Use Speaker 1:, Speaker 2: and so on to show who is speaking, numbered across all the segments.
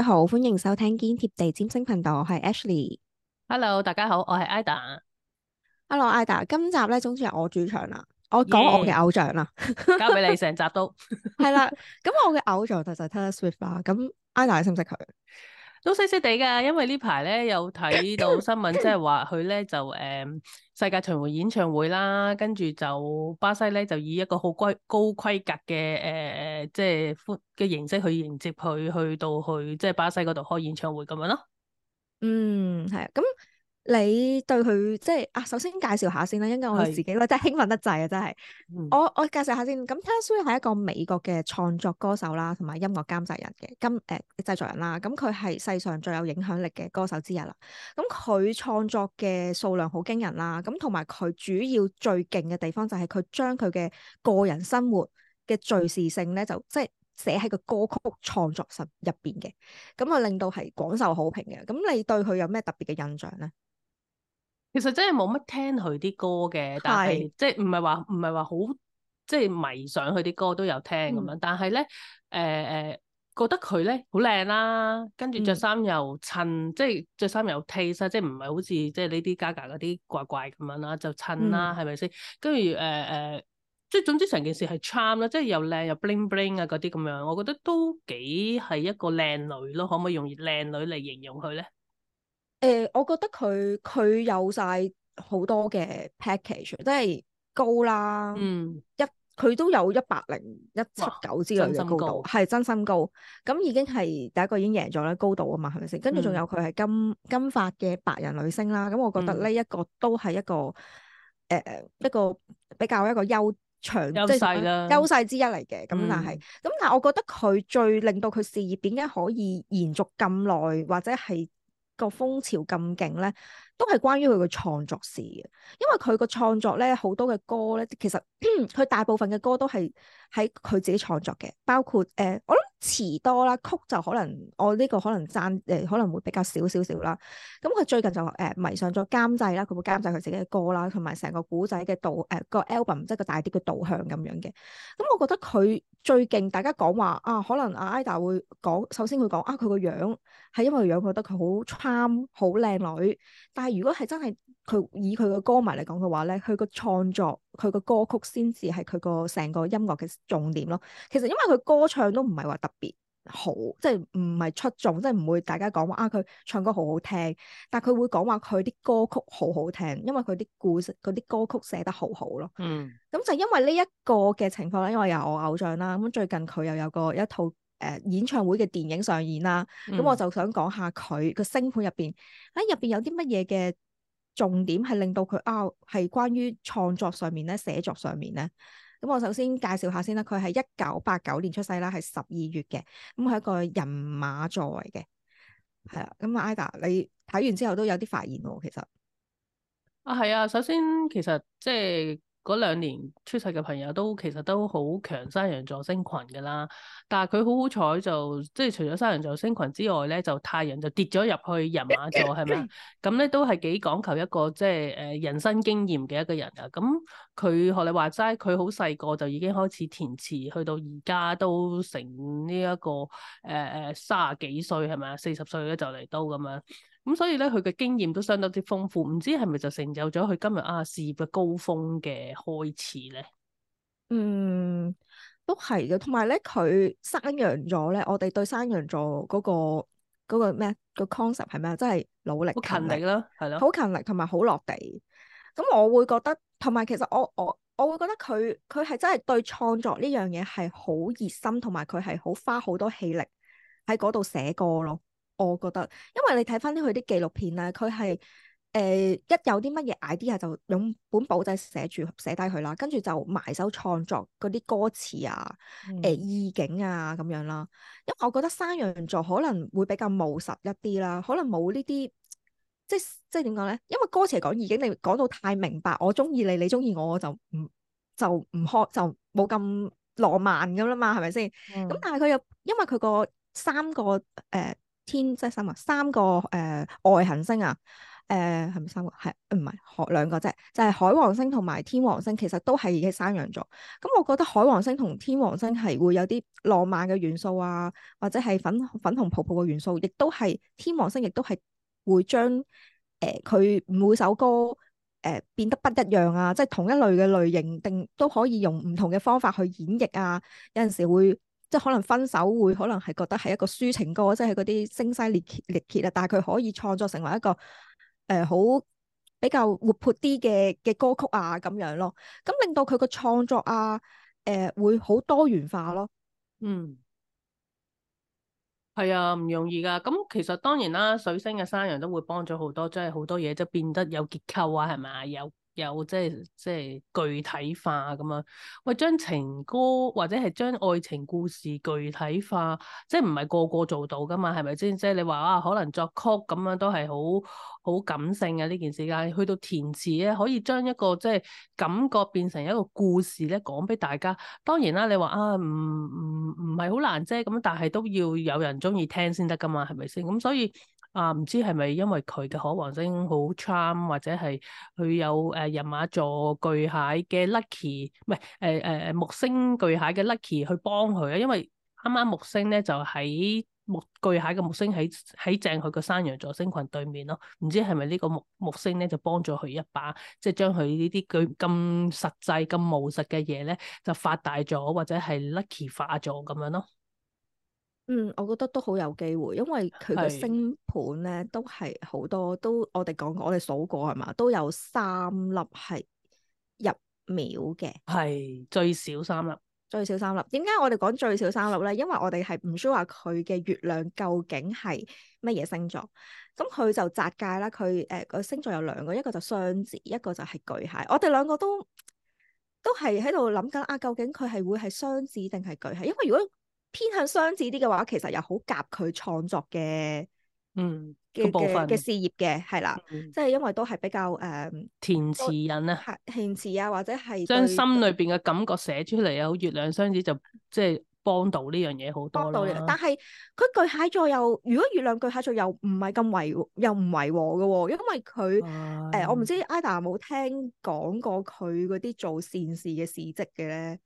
Speaker 1: 大家好，歡迎收聽堅貼地占星頻道，我係 Ashley。Hello，大家好，我係 Ida。Hello，Ida，今集咧，總之係我主場啦，我講 Yeah. 我嘅偶像啦， 交俾你成集都係啦。咁 我嘅偶像就係 Taylor Swift 啦。咁 Ida，你識唔識佢？
Speaker 2: 都細細地噶，因為呢排咧有睇到新聞，即係話佢咧就誒、嗯、世界巡回演唱會啦，跟住就巴西咧就以一個好規高規格嘅誒誒，即係寬嘅形式去迎接佢去到去即係巴西嗰度開演唱會咁樣咯。嗯，
Speaker 1: 係咁。你對佢即係啊，首先介紹下先啦，因為我自己是真係興奮得滯啊，真係、嗯。我我介紹下先，咁 Taylor Swift 係一個美國嘅創作歌手啦，同埋音樂監製人嘅咁誒製作人啦，咁佢係世上最有影響力嘅歌手之一啦。咁佢創作嘅數量好驚人啦，咁同埋佢主要最勁嘅地方就係佢將佢嘅個人生活嘅敘事性咧，就即係寫喺個歌曲創作實入邊嘅，咁啊令到係廣受好評嘅。咁你對佢有咩特別嘅印象咧？
Speaker 2: 其實真係冇乜聽佢啲歌嘅，但係是即係唔係話唔係話好即係迷上佢啲歌都有聽咁樣，嗯、但係咧誒誒，覺得佢咧好靚啦，跟住着衫又襯、嗯，即係着衫又有 taste，即係唔係好似即係呢啲 Gaga 嗰啲怪怪咁樣啦，就襯啦，係咪先？跟住誒誒，即係總之成件事係 charm 啦，即係又靚又 bling bling 啊嗰啲咁樣，我覺得都幾係一個靚女咯，可唔可以用靚女嚟形容佢咧？
Speaker 1: 誒、呃，我覺得佢佢有晒好多嘅 package，即係高啦，嗯、一佢都有一百零一七九之類嘅高度，係真心高，咁已經係第一個已經贏咗啦，高度啊嘛，係咪先？跟住仲有佢係金、嗯、金髮嘅白人女星啦，咁我覺得呢一個都係一個誒一個比較一個優長，優勢啦，即係優勢之一嚟嘅。咁但係咁、嗯嗯、但係，我覺得佢最令到佢事業點解可以延續咁耐，或者係。個風潮咁勁咧～都係關於佢嘅創作事嘅，因為佢個創作咧，好多嘅歌咧，其實佢大部分嘅歌都係喺佢自己創作嘅，包括誒，我諗詞多啦，曲就可能我呢個可能讚誒，可能會比較少少少啦。咁佢最近就誒迷上咗監製啦，佢會監製佢自己嘅歌啦，同埋成個古仔嘅導誒個 album 即係個大碟嘅導向咁樣嘅。咁我覺得佢最勁，大家講話啊，可能阿 IDA 會講，首先佢講啊，佢個樣係因為佢個樣，覺得佢好 charm，好靚女，但如果係真係佢以佢嘅歌迷嚟講嘅話咧，佢個創作佢個歌曲先至係佢個成個音樂嘅重點咯。其實因為佢歌唱都唔係話特別好，即係唔係出眾，即係唔會大家講話啊佢唱歌好好聽，但佢會講話佢啲歌曲好好聽，因為佢啲故事佢啲歌曲寫得好好咯。嗯，咁就因為呢一個嘅情況咧，因為有我偶像啦，咁最近佢又有個一套。誒、呃、演唱會嘅電影上演啦，咁、嗯、我就想講下佢個星盤入邊喺入邊有啲乜嘢嘅重點係令到佢啊，係關於創作上面咧、寫作上面咧。咁我首先介紹下先啦，佢係一九八九年出世啦，係十二月嘅，咁係一個人馬座嚟嘅，係啊。咁 IDA，你睇完之後都有啲發現喎，其實
Speaker 2: 啊係啊，首先其實即係。嗰兩年出世嘅朋友都其實都好強山羊座星群㗎啦，但係佢好好彩就即係除咗山羊座星群之外咧，就太陽就跌咗入去人馬座係咪？咁咧都係幾講求一個即係誒、呃、人生經驗嘅一個人啊。咁佢學你話齋，佢好細個就已經開始填詞，去到而家都成呢、這、一個誒誒、呃、三十幾歲係咪啊？四十歲咧就嚟都咁樣～咁所以咧，佢嘅經驗都相當之豐富，唔知係咪就成就咗佢今日啊事業嘅高峰嘅開始咧？嗯，
Speaker 1: 都係嘅。同埋咧，佢山羊座咧，我哋對山羊座嗰、嗰個咩、嗰個 concept 係咩啊？即、那、係、個就是、努力，好勤力咯，係咯，好勤力同埋好落地。咁我會覺得，同埋其實我我我會覺得佢佢係真係對創作呢樣嘢係好熱心，同埋佢係好花好多氣力喺嗰度寫歌咯。我覺得，因為你睇翻啲佢啲紀錄片咧，佢係誒一有啲乜嘢 idea 就用本簿仔寫住寫低佢啦，跟住就埋手創作嗰啲歌詞啊、誒意境啊咁樣啦。因為我覺得山羊座可能會比較務實一啲啦，可能冇呢啲即，即點講咧？因為歌詞講意境，你講到太明白，我中意你，你中意我，我就唔就唔開，就冇咁浪漫㗎啦嘛，係咪先？咁、嗯嗯、但係佢又因為佢個三個誒。呃天即係三啊，三個誒、呃、外行星啊，誒係咪三個？係唔係學兩個啫？就係、是、海王星同埋天王星，其實都係喺山羊座。咁我覺得海王星同天王星係會有啲浪漫嘅元素啊，或者係粉粉紅泡泡嘅元素，亦都係天王星亦都係會將誒佢、呃、每首歌誒、呃、變得不一樣啊，即係同一類嘅類型，定都可以用唔同嘅方法去演繹啊。有陣時會。即係可能分手會可能係覺得係一個抒情歌，即係嗰啲聲嘶力竭力竭啊。但係佢可以創作成為一個誒好、呃、比較活潑啲嘅嘅歌曲啊，咁樣咯。咁令到佢個創作啊誒、呃、會好多元化咯。嗯，
Speaker 2: 係啊，唔容易㗎。咁其實當然啦，水星嘅山羊都會幫咗好多，即係好多嘢即變得有結構啊，係咪啊？有。有即係即係具體化咁啊！喂，將情歌或者係將愛情故事具體化，即係唔係個個做到噶嘛？係咪先？即係你話啊，可能作曲咁樣都係好好感性啊！呢件事，但去到填詞咧，可以將一個即係感覺變成一個故事咧，講俾大家。當然啦，你話啊，唔唔唔係好難啫咁，但係都要有人中意聽先得噶嘛？係咪先？咁所以。啊，唔知係咪因為佢嘅可王星好 charm 或者係佢有誒、呃、人馬座巨蟹嘅 lucky，唔、呃、係誒、呃、誒木星巨蟹嘅 lucky 去幫佢啊？因為啱啱木星咧就喺木巨蟹嘅木星喺喺正佢個山羊座星群對面咯，唔知係咪呢個木木星咧就幫咗佢一把，即係將佢呢啲巨咁實際咁務實嘅嘢咧就發大咗，或者係 lucky 化咗咁樣咯。
Speaker 1: 嗯，我覺得都好有機會，因為佢個星盤咧都係好多，都我哋講過，我哋數過係嘛，都有三粒係入廟嘅，係最少三粒，最少三粒。點解我哋講最少三粒咧？因為我哋係唔需要話佢嘅月亮究竟係乜嘢星座，咁、嗯、佢就窄界啦。佢誒個星座有兩個，一個就雙子，一個就係巨蟹。我哋兩個都都係喺度諗緊啊，究竟佢係會係雙子定係巨蟹？因為如果偏向雙子啲嘅話，其實又好夾佢創作嘅，嗯嘅的部分嘅事業嘅，係啦的，嗯、即係因為都係比較誒、呃、
Speaker 2: 填詞人啦、啊，
Speaker 1: 填詞啊，或者係將心
Speaker 2: 裏邊嘅感覺寫出嚟啊，月亮雙子就即係、就是、幫到呢樣嘢好多
Speaker 1: 幫到你。但係佢巨蟹座又，如果月亮巨蟹座又唔係咁違又唔違和嘅喎、哦，因為佢誒唉、呃、我唔知 IDA 冇聽講過佢嗰啲做善事嘅事蹟嘅咧。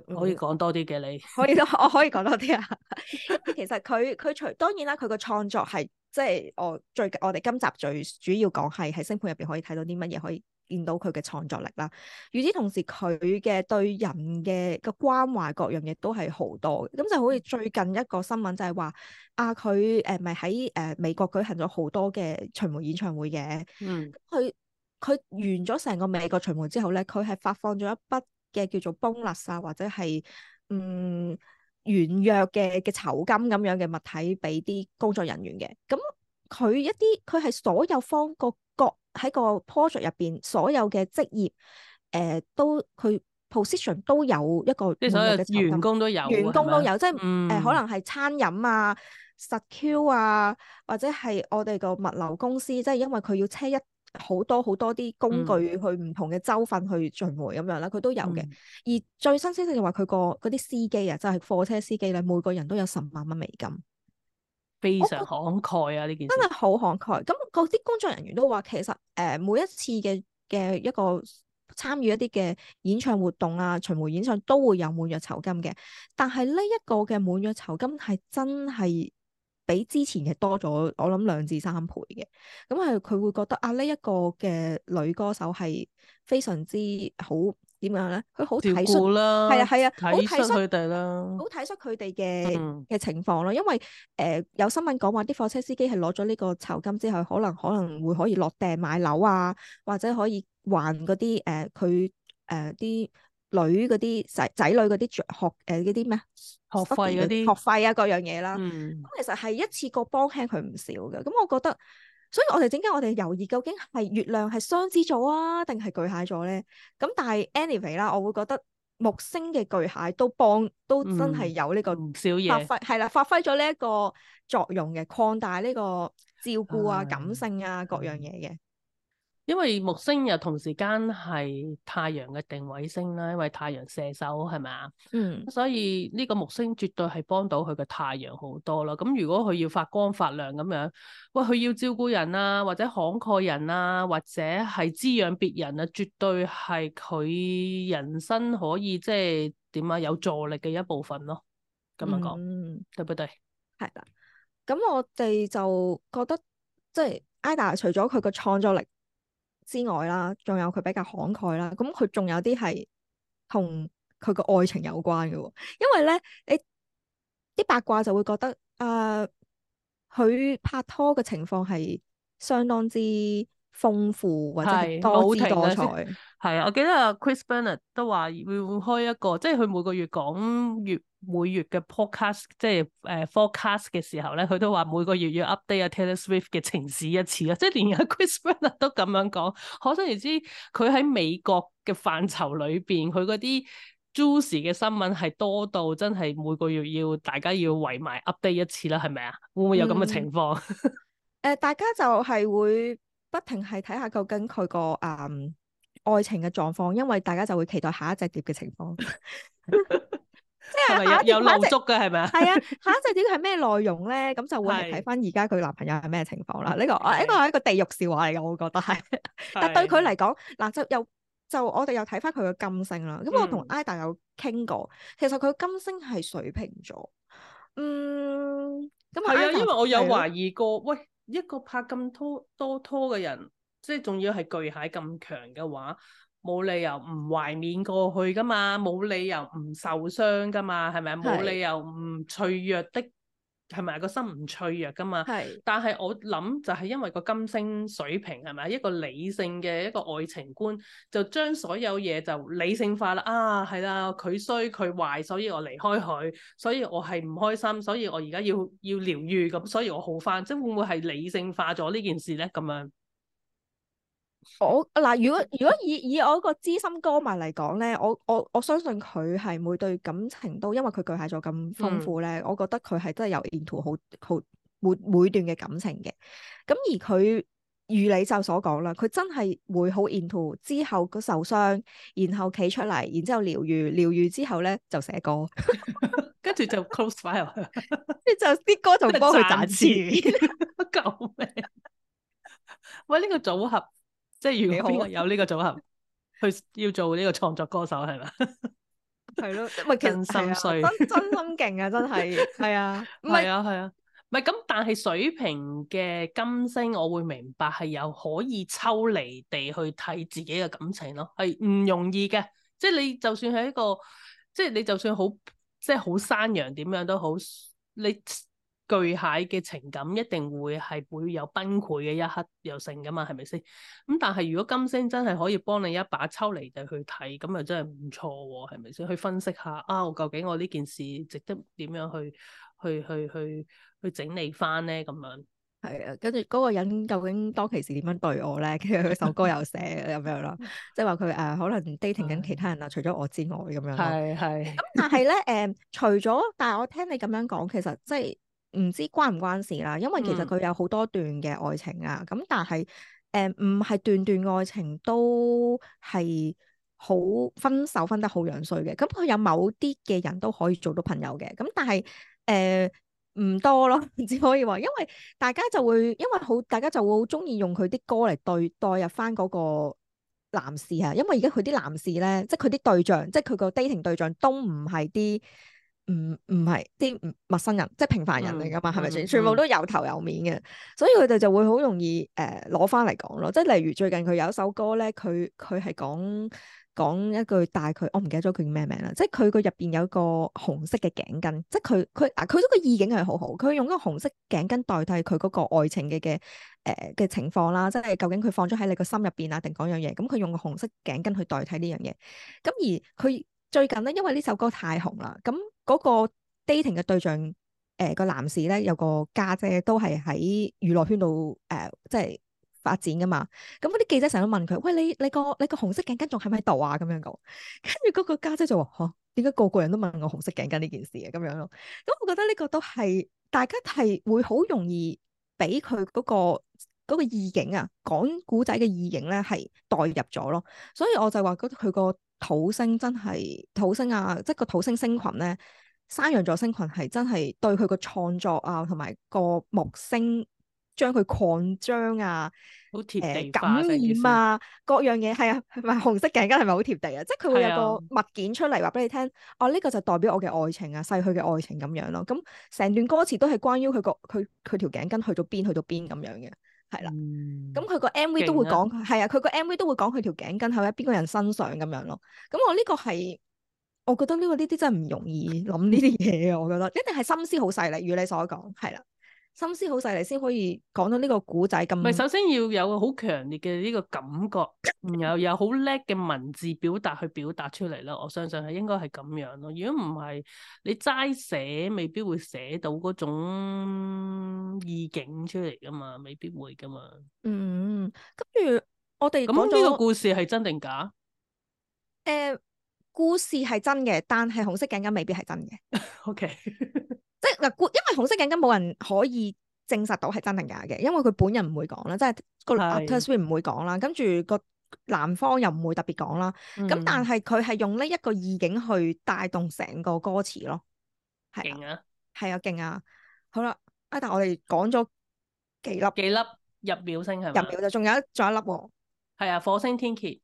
Speaker 1: 可以講多啲嘅你，可以咯，我可以講多啲啊。 其實佢佢除當然啦，佢個創作係即係我最我哋今集最主要講係喺星盤入邊可以睇到啲乜嘢，可以見到佢嘅創作力啦。與此同時，佢嘅對人嘅個關懷各樣嘢都係好多。咁就好似最近一個新聞就係話啊，佢誒咪喺誒美國舉行咗好多嘅巡回演唱會嘅。嗯，佢佢完咗成個美國巡回之後咧，佢係發放咗一筆。嘅叫做 b、bon、勒啊，或者係嗯原約嘅嘅酬金咁樣嘅物體俾啲工作人員嘅。咁、嗯、佢一啲佢係所有方各個各喺個 project 入邊所有嘅職業誒都佢 position 都有一個，即所有嘅員工都有，員工都有，即係誒可能係餐飲啊、secure 啊，或者係我哋個物流公司，即係因為佢要車一。好多好多啲工具去唔同嘅州份去巡回咁、嗯、樣啦，佢都有嘅。而最新消息就話佢個嗰啲司機啊，就係、是、貨車司機啦，每個人都有十萬蚊美金，非常慷慨啊！呢我件事真係好慷慨。咁嗰啲工作人員都話，其實誒、呃，每一次嘅嘅一個參與一啲嘅演唱活動啊，巡回演唱都會有滿約酬金嘅。但係呢一個嘅滿約酬金係真係。比之前嘅多咗，我諗兩至三倍嘅。咁係佢會覺得啊，呢、這、一個嘅女歌手係非常之好點樣咧？佢好體恤啦，係啊係啊，好體恤佢哋啦，好睇、啊、出佢哋嘅嘅情況咯。因為誒、呃、有新聞講話啲貨車司機係攞咗呢個酬金之後，可能可能會可以落訂買樓啊，或者可以還嗰啲誒佢誒啲。呃女嗰啲仔仔女嗰啲着學誒嗰啲咩學費嗰啲學費啊各樣嘢啦，咁、嗯、其實係一次過幫輕佢唔少嘅。咁我覺得，所以我哋陣間我哋猶豫究竟係月亮係雙子座啊，定係巨蟹座咧？咁但係 anyway 啦，我會覺得木星嘅巨蟹都幫都真係有呢個發揮係、嗯、啦，發揮咗呢一個作用嘅，擴大呢個照顧啊、對感性啊各樣嘢嘅。因為木星
Speaker 2: 又同時間係太陽嘅定位星啦，因為太陽射手係咪啊？嗯，所以呢個木星絕對係幫到佢嘅太陽好多咯。咁如果佢要發光發亮咁樣，喂，佢要照顧人啊，或者慷慨人啊，或者係滋養別人啊，絕對係佢人生可以即係點啊，有助力嘅一部分咯。咁樣講，嗯、對不對？係啦，
Speaker 1: 咁我哋就覺得即係 IDA 除咗佢個創作力。之外啦，仲有佢比較慷慨啦，咁佢仲有啲係同佢個愛情有關嘅喎、哦，因為咧，你啲八卦就會覺得，誒、呃，佢拍拖嘅情況係相當之豐富或者多姿多
Speaker 2: 彩係啊！我記得阿 Chris Bennett 都話會唔會開一個，即係佢每個月講月每月嘅 podcast，即係誒 forecast 嘅時候咧，佢都話每個月要 update 啊 Taylor Swift 嘅情史一次啊！即係連阿 Chris Bennett 都咁樣講，可想而知佢喺美國嘅範疇裏邊，佢嗰啲 juicy 嘅新聞係多到真係每個月要大家要圍埋 update 一次啦，係咪啊？會唔會有咁嘅情況？
Speaker 1: 誒、嗯呃，大家就係會。不停係睇下究竟佢個誒愛情嘅狀況，因為大家就會期待下一隻碟嘅情況。
Speaker 2: 即係下 有落足嘅係咪啊？係啊，
Speaker 1: 下一隻碟係咩內容咧？咁就會睇翻而家佢男朋友係咩情況啦。呢、 呢個啊呢、呢個係一個地獄笑話嚟嘅，我會覺得係。 但對佢嚟講，嗱就又就我哋又睇翻佢嘅金星啦。咁我同 Ida 有傾過，其實佢金星係水瓶座。嗯，咁係啊，因為我有懷
Speaker 2: 疑過，喂。一個拍咁拖多拖嘅人，即係仲要係巨蟹咁強嘅話，冇理由唔懷緬過去㗎嘛，冇理由唔受傷㗎嘛，係咪？冇是理由唔脆弱的。係咪個心唔脆弱㗎嘛？係的。但係我諗就係因為個金星水瓶，係咪一個理性嘅一個愛情觀，就將所有嘢就理性化啦。啊，係啦，佢衰佢壞，所以我離開佢，所以我係唔開心，所以我而家要要療愈咁，所以我好返。即係會唔會係理性化咗呢件事咧？咁樣？
Speaker 1: 我嗱，如果如果以以我一個資深歌迷嚟講咧，我我我相信佢係每對感情都，因為佢巨蟹座咁豐富咧，嗯、我覺得佢係真係有 into 好好，好每每段嘅感情嘅。咁而佢如你就所講啦，佢真係會好 into 之後佢受傷，然後企出嚟，然後療愈之後療愈，療愈之後咧就寫歌，
Speaker 2: 跟 住 就 close file，跟
Speaker 1: 住就啲歌就幫佢賺錢。
Speaker 2: 救命！喂，呢、呢個組合。即係如果邊個有呢個組合 去要做呢個創作歌手係咪？
Speaker 1: 係咯，唔 係其實啊，真心碎，真心勁啊，真係係啊，係
Speaker 2: 啊，係啊 的，唔係咁，但係水瓶嘅金星我會明白係有可以抽離地去睇自己嘅感情咯，係唔容易嘅，即係你就算係一個，即係你就算好，即係好山羊點樣都好，你。巨蟹嘅情感一定會係會有崩潰嘅一刻，又剩㗎嘛？係咪先？咁但係如果金星真係可以幫你一把抽離地去睇，咁又真係唔錯喎，哦？係咪先？去分析下啊，我究竟我呢件事值得點樣去去去去去，去整理翻咧？咁樣
Speaker 1: 係啊，跟住嗰個人究竟當其時點樣對我咧？跟住佢首歌又寫咁 樣啦，即係話佢誒可能 dating 緊其他人啊，是除咗我之外咁樣。係係。咁 但係咧誒，除咗但係我聽你咁樣講，其實即係。唔知關唔關事啦，因為其實佢有好多段嘅愛情啊，咁、嗯、但係誒唔係段段愛情都係好分手分得好樣衰嘅，咁佢有某啲嘅人都可以做到朋友嘅，咁但係誒唔多咯，只可以話，因為大家就會因為好，大家就會好鍾意用佢啲歌嚟對代入翻嗰個男士啊，因為而家佢啲男士咧，即係佢啲對象，即係佢個 dating 對象都唔係啲。唔唔係啲陌生人，即係平凡人嚟噶嘛，係咪先？嗯嗯、全部都有頭有面嘅，所以佢哋就會好容易誒攞翻嚟講咯。即係例如最近佢有一首歌咧，佢佢係講講一句大概，但係佢我唔記得咗佢叫咩名啦。即係佢個入邊有個紅色嘅頸巾，即係佢佢啊，佢個意境係好好。佢用個紅色頸巾代替佢嗰個愛情嘅嘅誒嘅情況啦，即係究竟佢放咗喺你個心入邊啊，定講樣嘢？咁、嗯、佢用個紅色頸巾去代替呢樣嘢，咁而佢。最近咧，因為呢首歌太紅啦，咁、嗯、嗰、那個 dating 嘅對象，誒、呃那個男士咧有個家姐，姐都係喺娛樂圈度誒、呃，即係發展噶嘛。咁嗰啲記者成日都問佢：喂，你你個你個紅色頸巾仲喺唔喺度啊？咁樣講。跟住嗰個家姐，姐就話：嗬、啊，點解個個人都問我紅色頸巾呢件事嘅、啊？咁樣咯。咁、嗯嗯、我覺得呢個都係大家係會好容易俾佢嗰個意境、那個、啊，講古仔嘅意境咧係代入咗咯。所以我就話覺得佢個。土星真係土星啊，即係個土星星群咧，山羊座星群係真係對佢個創作啊，同埋個木星將佢擴張啊，好貼地、啊呃、感染啊，啊各樣嘢係啊，係咪紅色頸巾係咪好貼地啊？即係佢會有個物件出嚟話俾你聽，是啊、哦呢、呢個就代表我嘅愛情啊，逝去嘅愛情咁樣咯。咁、嗯、成段歌詞都係關於佢個佢佢條頸巾去到邊去到邊咁樣嘅。係啦，咁佢個 M V 都會講，係啊，佢個 M V 都會講佢條頸巾係喺邊個人身上咁樣咯。咁我呢個係，我覺得呢個呢啲真係唔容易諗呢啲嘢啊！我覺得一定係心思好細膩，如你所講，係啦、啊，心思好細膩先可以講到呢個古仔咁。咪首
Speaker 2: 先要有個好強烈嘅呢個感覺，然後有好叻嘅文字表達去表達出嚟咯。我相信係應該係咁樣咯。如果唔係，你齋寫，未必會寫到嗰種意境出嚟噶嘛，未必會噶嘛。
Speaker 1: 嗯，跟住我哋講呢個故
Speaker 2: 事係真定假？
Speaker 1: 誒、呃，故事係真嘅，但係紅色頸巾未必係真嘅。 o Okay . K， 即係嗱，故因為紅色頸巾冇人可以證實到係真定假嘅，因為佢本人唔會講啦，即係是、啊、個 actor 唔會講啦，跟住個男方又唔會特別講啦。咁、嗯、但係佢係用呢一個意境去帶動成個歌詞咯，
Speaker 2: 係啊，
Speaker 1: 係啊，勁啊，啊，啊，好啦、啊。啊！但我哋講咗
Speaker 2: 幾粒幾粒入秒星係嘛？入秒就
Speaker 1: 仲有一仲一粒喎、啊。係啊，火星天
Speaker 2: 蠍。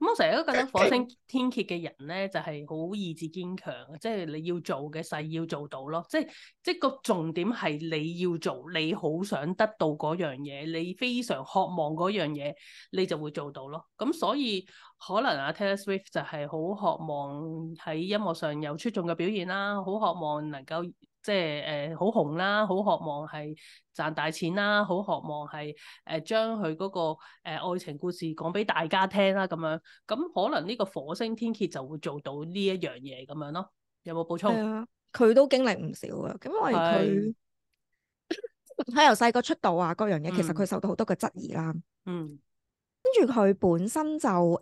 Speaker 2: 咁我成日都覺得火星天蠍嘅人咧，就係、是、好意志堅強，即、就、係、是、你要做嘅事要做到咯。即係即係個重點係你要做，你好想得到嗰樣嘢，你非常渴望嗰樣嘢，你就會做到咯。咁所以可能阿 Taylor Swift 就係好渴望喺音樂上有出眾嘅表現啦，好渴望能夠。即係誒，好、呃、紅啦，好渴望係賺大錢啦，好渴望係誒、呃、將佢嗰、那個誒、呃、愛情故事講俾大家聽啦，咁樣咁可能呢個火星天蠍就會做到呢一樣嘢咁樣咯。有冇
Speaker 1: 補充？佢、啊、都經歷唔少啊，因為佢喺由細個出道啊，嗰樣嘢、嗯、其實佢受到好多嘅質疑啦、嗯。嗯，跟住佢本身就誒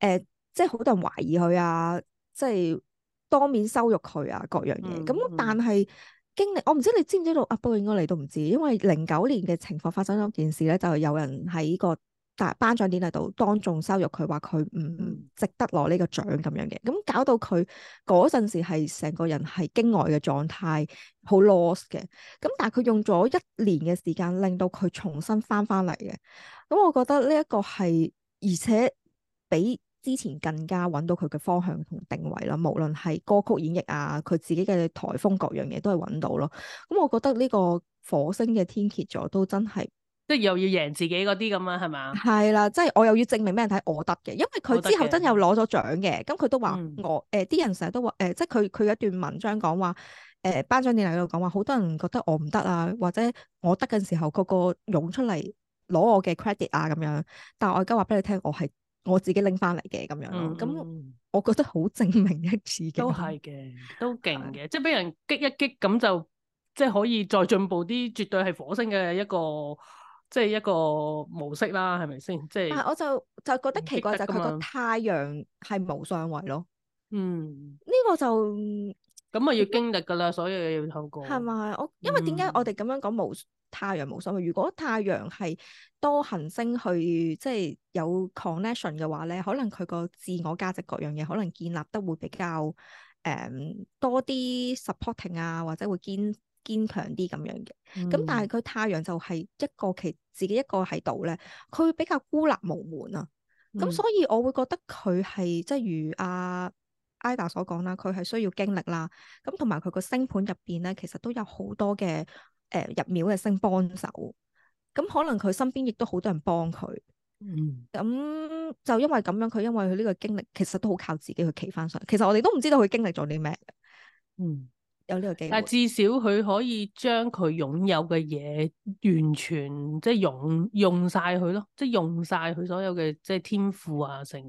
Speaker 1: 誒，即係好多人懷疑佢啊，即、就、係、是。當面羞辱佢啊，各樣嘢。咁但係經歷，我唔知你知唔知道、嗯、啊？不過應該你都唔知，因為零九年嘅情況發生咗件事咧，就有人喺個大頒獎典禮度當眾羞辱佢，話佢唔值得攞呢個獎咁、嗯、樣嘅。咁搞到佢嗰陣時係成個人係驚呆嘅狀態，好 lost 嘅。咁但係佢用咗一年嘅時間，令到佢重新翻翻嚟嘅。咁我覺得呢一個係，而且比。之前更加揾到佢嘅方向同定位啦，無論係歌曲演繹啊，佢自己嘅台風各樣嘢都係揾到咯。咁、嗯、我覺得呢個火星嘅天蠍座都真係，
Speaker 2: 即係又要贏自己嗰啲咁啊，係嘛？
Speaker 1: 係啦，即、就、係、是、我又要證明俾人睇我得嘅，因為佢之後真有攞咗獎嘅。咁佢都話我誒啲、呃、人成日都話誒、呃，即係佢佢有一段文章講、呃、話誒，頒獎典禮度講話好多人覺得我唔得啊，或者我得嗰陣時候個個湧出嚟攞我嘅 credit 啊咁樣，但係我而家話俾你聽，我係。我自己拎翻嚟嘅咁樣，咁、嗯、我覺得好證明一次都係嘅，
Speaker 2: 都勁嘅，的即係俾人激一激咁就，即係可以再進步啲，絕對係火星嘅一個，即係一個模式啦，係咪先？即係、啊、我就
Speaker 1: 就覺得奇怪得就係佢個太陽係冇上位咯。嗯，呢個就。咁啊，要經歷噶啦，所以要透過係咪？我因為點解我哋咁樣講、嗯、無太陽冇所謂？如果太陽係多行星去，即、就、係、是、有 connection 嘅話咧，可能佢個自我價值各樣嘢可能建立得會比較誒、嗯、多啲 supporting 啊，或者會堅堅強啲咁樣嘅。咁、嗯、但係佢太陽就係一個其自己一個喺度咧，佢比較孤立無門啊。咁、嗯、所以我會覺得佢係即係如啊。IDA 所講啦，佢係需要經歷啦，咁同埋佢個星盤入邊咧，其實都有好多嘅誒、呃、入廟嘅星幫手，咁可能佢身邊亦都好多人幫佢。嗯，咁就因為咁樣，佢因為佢呢個經歷，其實都好靠自己去企翻上。其實我哋都唔知道佢經歷咗啲咩。嗯，有呢個機會，但係至
Speaker 2: 少佢可以將佢擁有嘅嘢完全即係用用曬佢咯，即係用晒佢所有嘅即係天賦啊成。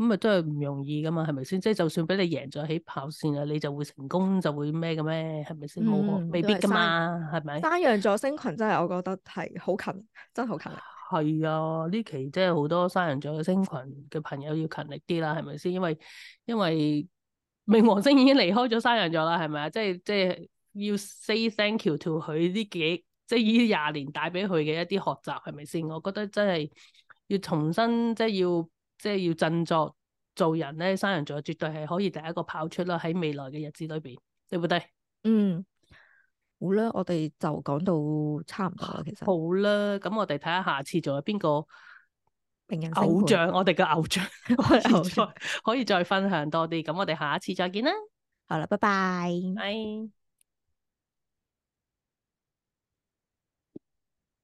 Speaker 2: 咁咪真係唔容易噶嘛，係咪先？即係就算俾你贏咗起跑線啊，你就會成功就會咩嘅咩？係咪先？冇、嗯、未必噶嘛，係咪
Speaker 1: 生？山羊座星群真係我覺得係好勤，真好勤。
Speaker 2: 係啊，呢期即係好多山羊座嘅星群嘅朋友要勤力啲啦，係咪先？因為因為冥王星已經離開咗山羊座啦，係咪啊？即係即係要 say thank you to 佢呢幾即係呢廿年帶俾佢嘅一啲學習係咪先？我覺得真係要重新即係要。即係要振作，做人咧，山人做人絕對係可以第一個跑出啦！喺未來嘅日子裏邊，對唔對？
Speaker 1: 嗯，好啦，我哋就講到差唔多啦，其實。好啦，咁
Speaker 2: 我哋睇下下次仲有邊個名人偶像，我哋嘅偶像可 偶像 可，可以再分享多啲。咁我哋下一次再見啦。好啦，拜拜。拜。